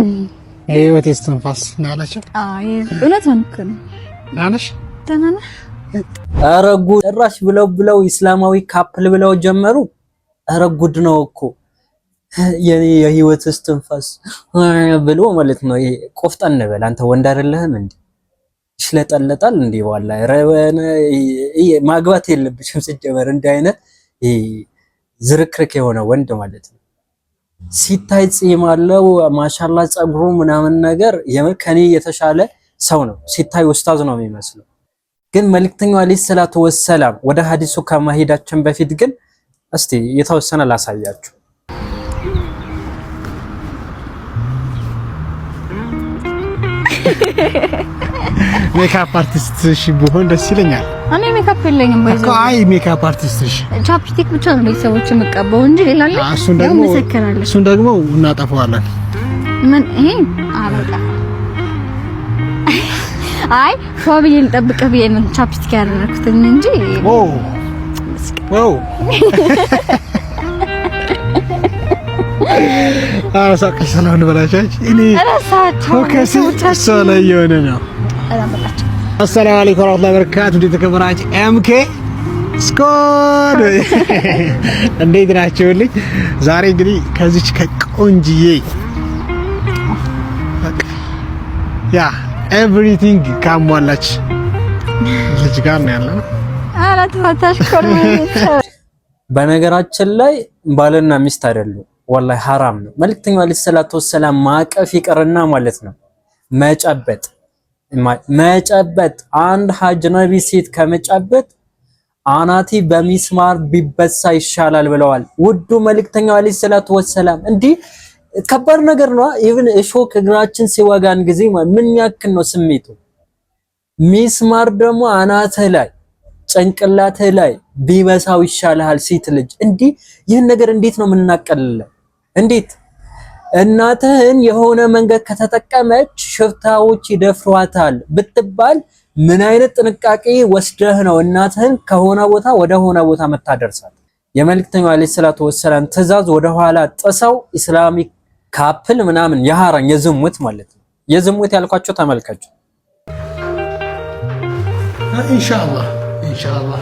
የህይወት ስትንፋስ ናለቸው። እውነት ሆንክ ናለሽ ረጉ ጭራሽ ብለው ብለው ኢስላማዊ ካፕል ብለው ጀመሩ። ረጉድ ነው እኮ የህይወት ስትንፋስ ብሎ ማለት ነው። ቆፍጠን በል አንተ ወንድ አይደለህም እንዴ? ይሽለጠለጣል እንዴ? ዋላ ማግባት የለብሽም ስትጀመር እንዲህ አይነት ዝርክርክ የሆነ ወንድ ማለት ነው። ሲታይ ጺም አለው ማሻላ ጸጉሩ ምናምን ነገር ከኔ የተሻለ ሰው ነው። ሲታይ ኡስታዝ ነው የሚመስለው። ግን መልክተኛው አለይሂ ሰላቱ ወሰላም ወደ ሀዲሱ ከመሄዳችን በፊት ግን እስቲ የተወሰነ ላሳያችሁ። ሜካፕ አርቲስት እሺ ብሆን ደስ ይለኛል። እኔ ሜካፕ የለኝም ባይ አይ ሜካፕ አርቲስት እሺ፣ ቻፕስቲክ ብቻ ነው ቤተሰቦች የምቀባው እንጂ ሌላ አለ። እሱን ደግሞ እሱን ደግሞ እናጠፋዋለን። ምን ይሄ አበቃ። አይ ፎብዬ ልጠብቅህ ብዬ ነው ቻፕስቲክ ያደረኩት እንጂ ኦ ኦ አሳቀሽ ስለሆነ በላቻች እኔ ፎከስ እሷ ላይ የሆነ ነው አላበቃቸው። አሰላሙ አለይኩም ወራህመቱላሂ ወበረካቱ። እንዴት ተከበራችሁ? ኤምኬ ስኮድ እንዴት ናችሁልኝ? ዛሬ እንግዲህ ከዚች ከቆንጅዬ ያ ኤቭሪቲንግ ካሟላች ልጅ ጋር ነው ያለነው። ኧረ ተፈታሽ በነገራችን ላይ ባልና ሚስት አይደሉም፣ ወላሂ ሐራም ነው። መልእክተኛው አለይሂ ሰላቱ ወሰላም ማቀፍ ይቅርና ማለት ነው መጨበጥ መጨበጥ አንድ ሀጅነቢ ሴት ከመጨበጥ አናቴ በሚስማር ቢበሳ ይሻላል ብለዋል ውዱ መልእክተኛው አለይሂ ሰላቱ ወሰላም። እንዲህ ከባድ ነገር ነው። ኢቭን እሾክ እግራችን ሲወጋን ጊዜ ምን ያክል ነው ስሜቱ? ሚስማር ደግሞ አናትህ ላይ ጭንቅላትህ ላይ ቢበሳው ይሻልሃል ሴት ልጅ። እንዲህ ይህን ነገር እንዴት ነው የምናቀልለው? እንዴት እናትህን የሆነ መንገድ ከተጠቀመች ሽፍታዎች ይደፍሯታል ብትባል ምን አይነት ጥንቃቄ ወስደህ ነው እናትህን ከሆነ ቦታ ወደ ሆነ ቦታ መታደርሳት? የመልእክተኛው ዓለይሂ ሰላቱ ወሰላም ትዕዛዝ ወደኋላ ጥሰው ኢስላሚክ ካፕል ምናምን የሐራም የዝሙት ማለት ነው። የዝሙት ያልኳቸው ተመልከቱ። ኢንሻአላህ ኢንሻአላህ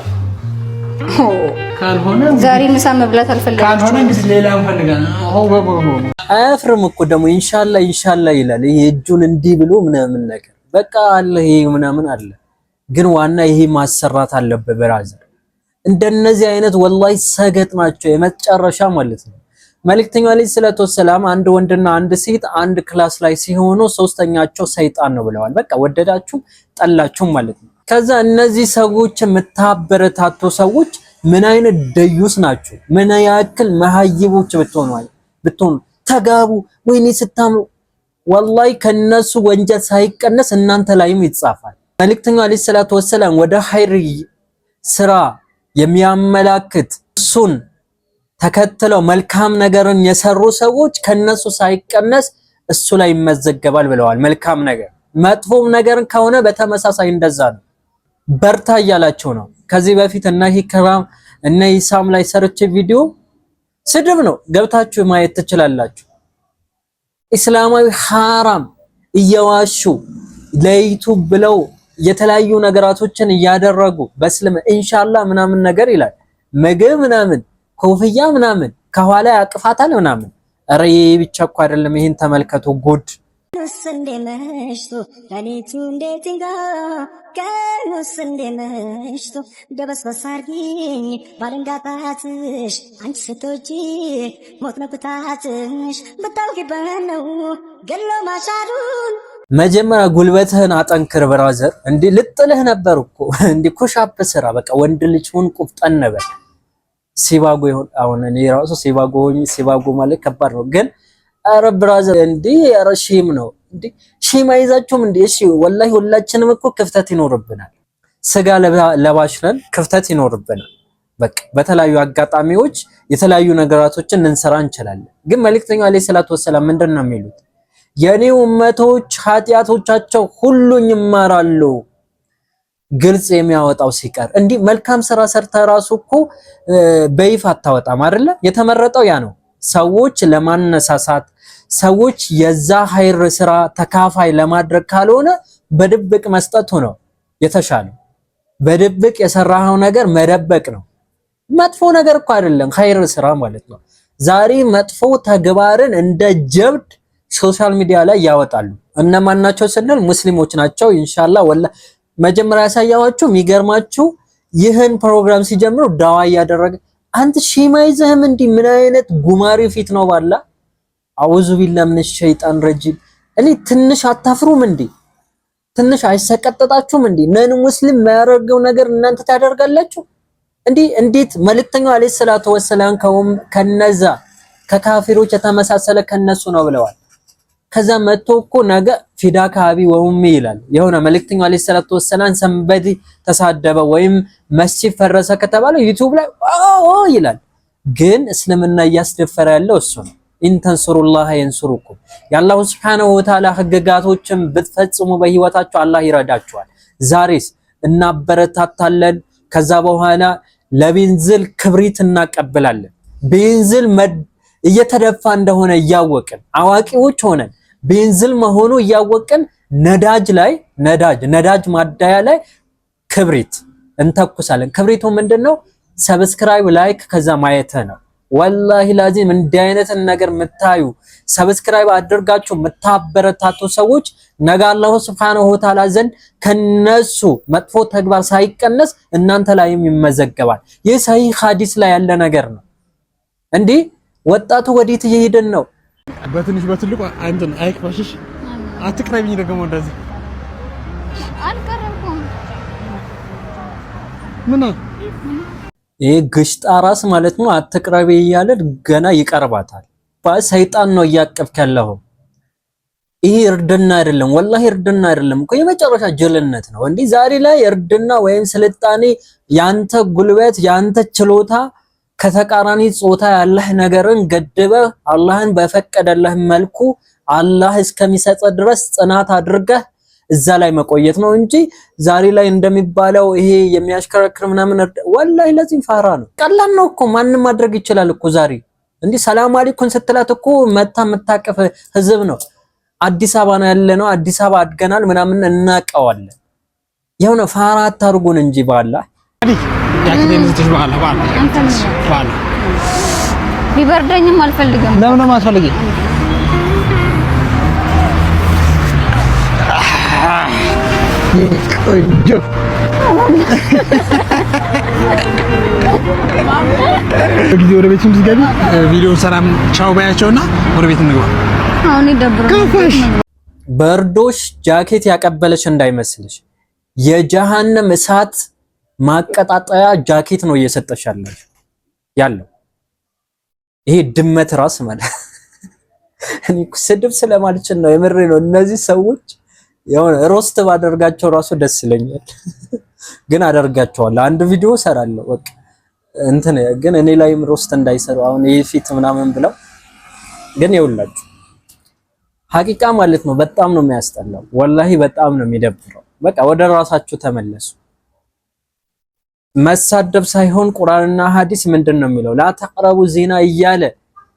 ካልሆነ ዛሬ ምሳ መብላት አልፈልግም። ካልሆነ እንግዲህ ሌላ እንፈልጋለን። አያፍርም እኮ ደግሞ ኢንሻላ ኢንሻላ ይላል። ይሄ እጁን እንዲህ ብሎ ምናምን ነገር በቃ አለ ይሄ ምናምን አለ። ግን ዋና ይሄ ማሰራት አለበት በራዘር እንደነዚህ አይነት ወላሂ ሰገጥ ናቸው የመጨረሻ ማለት ነው። መልእክተኛው አለይሂ ሰላቱ ወሰላም አንድ ወንድና አንድ ሴት አንድ ክላስ ላይ ሲሆኑ ሶስተኛቸው ሰይጣን ነው ብለዋል። በቃ ወደዳችሁም ጠላችሁም ማለት ነው። ከዛ እነዚህ ሰዎች የምታበረታቱ ሰዎች ምን አይነት ደዩስ ናቸው? ምን ያክል መሀይቦች ብትሆኑ ብትሆኑ ተጋቡ። ወይኔ ስታሙ ወላሂ ከነሱ ወንጀል ሳይቀነስ እናንተ ላይም ይጻፋል። መልእክተኛው አለይሂ ሰላቱ ወሰላም ወደ ኸይር ስራ የሚያመላክት እሱን ተከትለው መልካም ነገርን የሰሩ ሰዎች ከነሱ ሳይቀነስ እሱ ላይ ይመዘገባል ብለዋል። መልካም ነገር መጥፎም ነገርን ከሆነ በተመሳሳይ እንደዛ ነው። በርታ እያላቸው ነው። ከዚህ በፊት እነ ኢክራም እነ ኢሳም ላይ ሰርች ቪዲዮ ስድብ ነው። ገብታችሁ ማየት ትችላላችሁ። ኢስላማዊ ሐራም እየዋሹ ለይቱ ብለው የተለያዩ ነገራቶችን እያደረጉ በስልም ኢንሻአላህ ምናምን ነገር ይላል ምግብ ምናምን ኮፍያ ምናምን ከኋላ ያቅፋታል ምናምን። ኧረ ይሄ ብቻ እኮ አይደለም። ይህን ተመልከቱ ጉድ ቀኑስ እንደመሽቶ ደበስበስ አርጊኝ ባልንጋባትሽ አንቺ ስትወጪ ሞት መጉታትሽ ብታውቂበት በነው ገሎ ማሻዱን መጀመሪያ ጉልበትህን አጠንክር ብራዘር። እንዲህ ልጥልህ ነበር እኮ እንዲህ ኩሻፕ ስራ። በቃ ወንድ ልጅ ሁን፣ ቁፍጠን ነበር። ሲባጎ ይሁን አሁን እኔ ራሱ ሲባጎ ሲባጎ ማለት ከባድ ነው ግን፣ ኧረ ብራዘር እንዲህ ኧረ ሺም ነው እንዴ ሺማ ይዛችሁም እንዴ? እሺ ወላሂ ሁላችንም እኮ ክፍተት ይኖርብናል። ስጋ ለባሽ ነን፣ ክፍተት ይኖርብናል። በቃ በተለያዩ አጋጣሚዎች የተለያዩ ነገራቶችን እንሰራ እንችላለን። ግን መልእክተኛው አለይሂ ሰላቱ ወሰላም ምንድን ነው የሚሉት? የኔ ኡመቶች ኃጢአቶቻቸው ሁሉን ይማራሉ ግልጽ የሚያወጣው ሲቀር እንዲህ መልካም ስራ ሰርታ ራሱ እኮ በይፋ አታወጣም አይደለ? የተመረጠው ያ ነው፣ ሰዎች ለማነሳሳት ሰዎች የዛ ሀይር ስራ ተካፋይ ለማድረግ ካልሆነ በድብቅ መስጠቱ ነው የተሻለ በድብቅ የሰራኸው ነገር መደበቅ ነው። መጥፎ ነገር እኮ አይደለም ሀይር ስራ ማለት ነው። ዛሬ መጥፎ ተግባርን እንደ ጀብድ ሶሻል ሚዲያ ላይ ያወጣሉ። እነማን ናቸው ስንል ሙስሊሞች ናቸው። ኢንሻአላህ ወላ መጀመሪያ ያሳያዋችሁ የሚገርማችሁ ይህን ፕሮግራም ሲጀምሩ ዳዋ እያደረገ አንተ ሺማ እንዲህ ምን አይነት ጉማሪው ፊት ነው ባላ አውዙ ቢላ ምን ሸይጣን ረጅም እኔ ትንሽ አታፍሩም እንዴ? ትንሽ አይሰቀጠጣችሁም እንዴ? ነን ሙስሊም የማያደርገው ነገር እናንተ ታደርጋላችሁ እንዴ? እንዴት መልእክተኛው አለይሂ ሰላቱ ወሰላም ከነዛ ከካፊሮች የተመሳሰለ ከነሱ ነው ብለዋል። ከዛ መጥቶ እኮ ነገ ፊዳ ካቢ ወሙሚ ይላል የሆነ መልእክተኛው አለይሂ ሰላቱ ወሰላም ሰንበዲ ተሳደበ ወይም መስጂድ ፈረሰ ከተባለ ዩቲዩብ ላይ ኦ ይላል። ግን እስልምና እያስደፈረ ያለው እሱ ነው። ኢንተንሱሩላህ የንሱሩኩም የአላሁ ስብሓነሁ ወተዓላ ህግጋቶችን ብትፈጽሙ በህይወታችሁ አላህ ይረዳችኋል። ዛሬስ እናበረታታለን። ከዛ በኋላ ለቤንዝል ክብሪት እናቀብላለን። ቤንዝል እየተደፋ እንደሆነ እያወቅን አዋቂዎች ሆነን ቤንዝል መሆኑ እያወቅን ነዳጅ ላይ ነዳጅ ነዳጅ ማደያ ላይ ክብሪት እንተኩሳለን። ክብሪቱ ምንድን ነው? ሰብስክራይብ ላይክ ከዛ ማየት ነው። ወላሂ ላዚም እንዲህ አይነትን ነገር ምታዩ ሰብስክራይብ አድርጋችሁ ምታበረታቱ ሰዎች ነገ አላሁ ስብሐነሁ ወተዓላ ዘንድ ከነሱ መጥፎ ተግባር ሳይቀነስ እናንተ ላይም ይመዘገባል። ይህ ሰሂህ ሐዲስ ላይ ያለ ነገር ነው። እንዲህ ወጣቱ ወዴት እየሄድን ነው? በትንሽ በትልቁ አንተን አይክፋሽሽ። አትቅረብኝ ደግሞ እንደዚህ አልቀረብኩም ምን ይሄ ግሽጣ ራስ ማለት ነው። አትቅረቤ እያለ ገና ይቀርባታል። ሰይጣን ነው እያቀፍክ ያለው። ይሄ እርድና አይደለም፣ ወላሂ እርድና አይደለም እኮ የመጨረሻ ጅልነት ነው። እንዲህ ዛሬ ላይ እርድና ወይም ስልጣኔ ያንተ ጉልበት ያንተ ችሎታ ከተቃራኒ ጾታ ያለህ ነገርን ገድበህ አላህን በፈቀደልህ መልኩ አላህ እስከሚሰጥ ድረስ ጽናት አድርገህ እዛ ላይ መቆየት ነው እንጂ ዛሬ ላይ እንደሚባለው ይሄ የሚያሽከረክር ምናምን ወላሂ ለዚህ ፋራ ነው። ቀላል ነው እኮ ማንም ማድረግ ይችላል እኮ ዛሬ እንዲህ ሰላም አለይኩም ስትላት እኮ መታ የምታቀፍ ህዝብ ነው። አዲስ አበባ ነው ያለ ነው። አዲስ አበባ አድገናል ምናምን እናቀዋለን። ነው ፋራ አታርጉን እንጂ ባላ ቢበርደኝም አልፈልግም። ለምን ቆንጆ ወደ ሰላም ቻው ባያቸውና ወደ ቤት እንግባ። አሁን ይደብራል። ጃኬት ያቀበለች እንዳይመስልሽ የጀሃነም እሳት ማቀጣጠያ ጃኬት ነው እየሰጠሽ ያለው። ይሄ ድመት ራስ ማለት እኔ ስድብ ስለማልችል ነው። የምሬ ነው። እነዚህ ሰዎች የሆነ ሮስት ባደርጋቸው ራሱ ደስ ይለኛል፣ ግን አደርጋቸዋለሁ። አንድ ቪዲዮ ሰራለሁ በቃ እንትን ግን እኔ ላይም ሮስት እንዳይሰሩ አሁን ይሄ ፊት ምናምን ብለው ግን ይውላችሁ ሀቂቃ ማለት ነው። በጣም ነው የሚያስጠላው፣ ወላሂ በጣም ነው የሚደብረው። በቃ ወደ ራሳችሁ ተመለሱ። መሳደብ ሳይሆን ቁርአንና ሐዲስ ምንድን ነው የሚለው ላተቅረቡ ዜና እያለ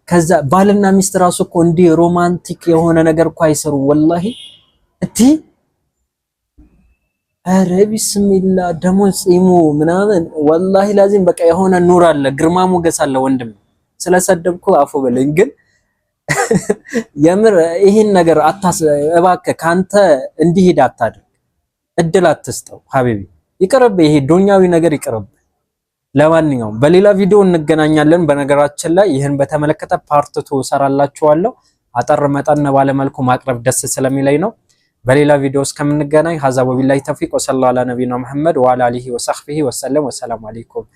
ከዛ ባልና ሚስት ራሱ እኮ እንዲህ ሮማንቲክ የሆነ ነገር እኮ አይሰሩም ወላሂ እቲ አረ ቢስሚላ ደሞ ጺሙ ምናምን ወላሂ ላዚም በቃ የሆነ ኑር አለ፣ ግርማ ሞገስ አለ። ወንድም ስለሰደብኩ አፉ በለኝ፣ ግን የምር ይህን ነገር አታስ እባክህ ካንተ እንዲሄድ አታድርግ፣ እድል አትስጠው። ሀቢቢ ይቅርብ፣ ይሄ ዱንያዊ ነገር ይቅርብ። ለማንኛውም በሌላ ቪዲዮ እንገናኛለን። በነገራችን ላይ ይህን በተመለከተ ፓርት ቱ እሰራላችኋለሁ። አጠር መጠን ባለመልኩ ማቅረብ ደስ ስለሚለኝ ነው። በሌላ ቪዲዮ እስከምንገናኝ ሀዛ ወቢላሂ ተውፊቅ ወሰላ አላ ነቢና መሐመድ ወአላ አሊሂ ወሰህቢሂ ወሰለም። ወሰላሙ አሌይኩም